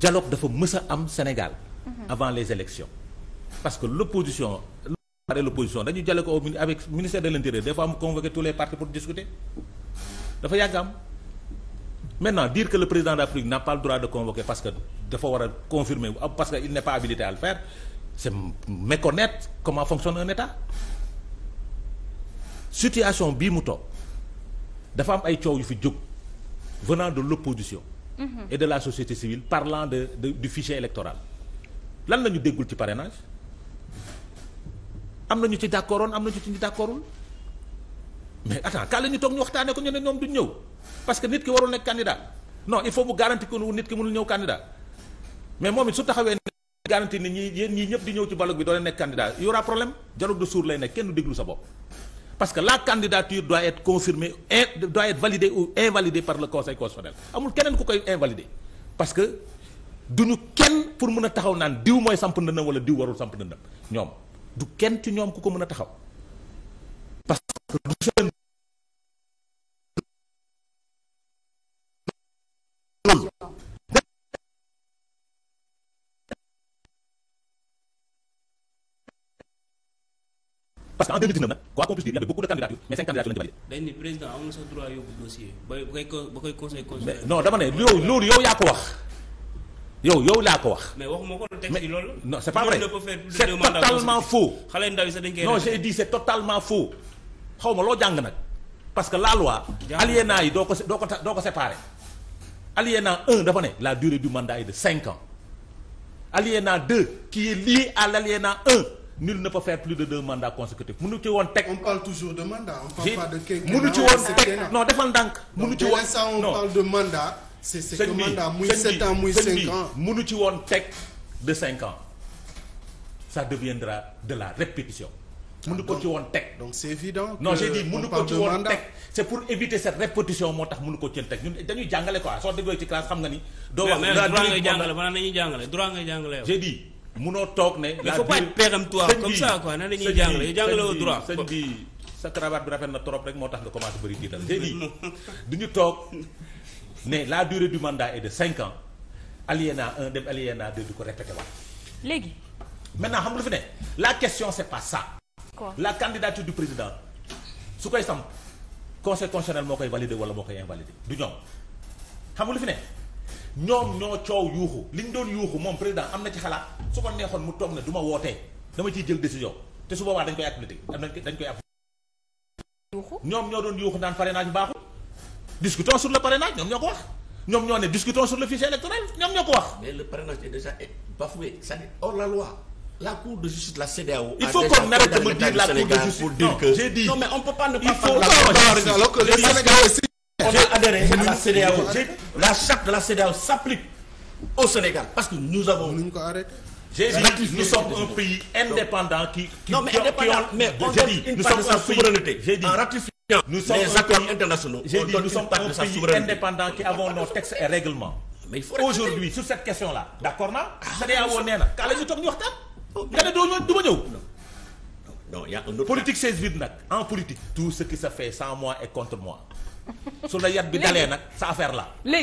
dialogue dafa mës a am Sénégal avant les élections parce que l'opposition pare l'opposition dañu dialogue au avec ministère de l'intérieur des fois mu convoqué tous les partis pour discuter dafa yàgg am maintenant dire que le président de l'Afrique n'a pas le droit de convoquer parce que dafa war a confirmer parce que il n'est pas habilité à le faire c'est méconnaître comment fonctionne un État situation bii mu toog dafa am ay coow yu fi jóg venant de l'opposition Mhm. et de la société civile parlant de, de du fichier électoral lan la ñu déggul ci parrainage am na ñu ci d'accordoon am na ñu ci d'accordul mais attends kaa la ñu toog ñu waxtaanee ko ñu ne ñoom duñ ñëw parce que nit ki warul nekk candidat non il faut mu garanti ko nit ki mënul ñëw candidat mais moom it su taxawee ne garanti nit ñi yéen ñii ñëpp di ñëw ci dialogue bi doo leen nekk candidat y aura problème dialogue de sourds lay nekk kenn du déglu sa bopp parce que la candidature doit être confirmée in doit être validée ou invalidée par le conseil constitutionnel amul keneen ku koy invalider parce que du ñu kenn pour mën a taxaw naan diw mooy samp ndëndam wala diw warul samp ndëndam ñoom du kenn ci ñoom ku ko mën a taxaw parce que parce que en 2019 nag quoi qu'on puisse dire de mais cinq loolu loolu yow yaa ko wax yow yow laa ko wax. mais waxuma ko texte yi loolu. c'est pas vrai c'est totalement faux. xale ndaw yi sax dañ koy non c'est totalement faux xaw ma loo jàng nag parce que la loi. alinéa yi doo ko doo doo ko séparer. alinéa 1 dafa ne la durée du nul ne peut faire plus de deux mandats consécutifs ci woon teg. on parle toujours woon teg non defal ndànk. mënu ci woon non on parle de mandat. c'est c'est que mandat muy sept ans ci woon teg de cinq ans ça deviendra de la répétition. mënu ko ci woon teg donc c'est évident. ko ci woon teg c'est pour éviter cette répétition moo tax mënu ko teg dañuy jàngale quoi soo déggee ci classe xam nga ni. doo wax ngay jàngale maanaam dañuy jàngale droit ngay jàngale yow munoo toog ne. il faut pas être péremptoire comme ça quoi nan la ñuy jàngale jàngale au sa cravate bi rafet na trop rek moo tax nga commencé bëri tiital tey jii du ñu toog ne la durée du mandat de cinq ans alinéa un dem ko répété waat. léegi. maintenant xam nga lu fi ne la question c' est pas ça. quoi la candidature du président su koy sam conseil constitutionnel moo koy validé wala moo koy invalidé du ñoom xam fi ne. ñoom ñoo coow yuuxu li ñu doon yuuxu moom président am na ci xalaat su ko neexoon mu toog ne du ma wootee dama ciy jël décision te su boobaa dañ koy appliquer dañ koy appliquer. ñoom ñoo doon yuuxu naan parrainage baaxul. discutons sur le parrainage ñoom ñoo ko wax ñoom ñoo ne discutons sur le fichier électoral ñoom ñoo ko wax. mais le parrainage est déjà bafoué c'est-à-dire hors la loi. la cour de il faut qu'on arrête de me dire la cour de justice. pour il faut que le Sénégal On a adhéré à la CEDEAO. parce que nous avons. J'ai dit, nous sommes un pays indépendant qui. qui non, mais qui, indépendant, qui ont, mais on dit, nous sommes en souveraineté. J'ai les accords pays, nous sommes un pays indépendant qui avons nos textes règlements. Aujourd'hui, sur cette question-là, d'accord na. Ah, CEDEAO nee na. kaa la ñu toog ñu waxtaan. Oh, nga du ma ñëw. non y' a un autre politique c'est vide nag en politique. tout ce qui se fait sans moi est contre moi su la yat bi dalee nag sa affaire la.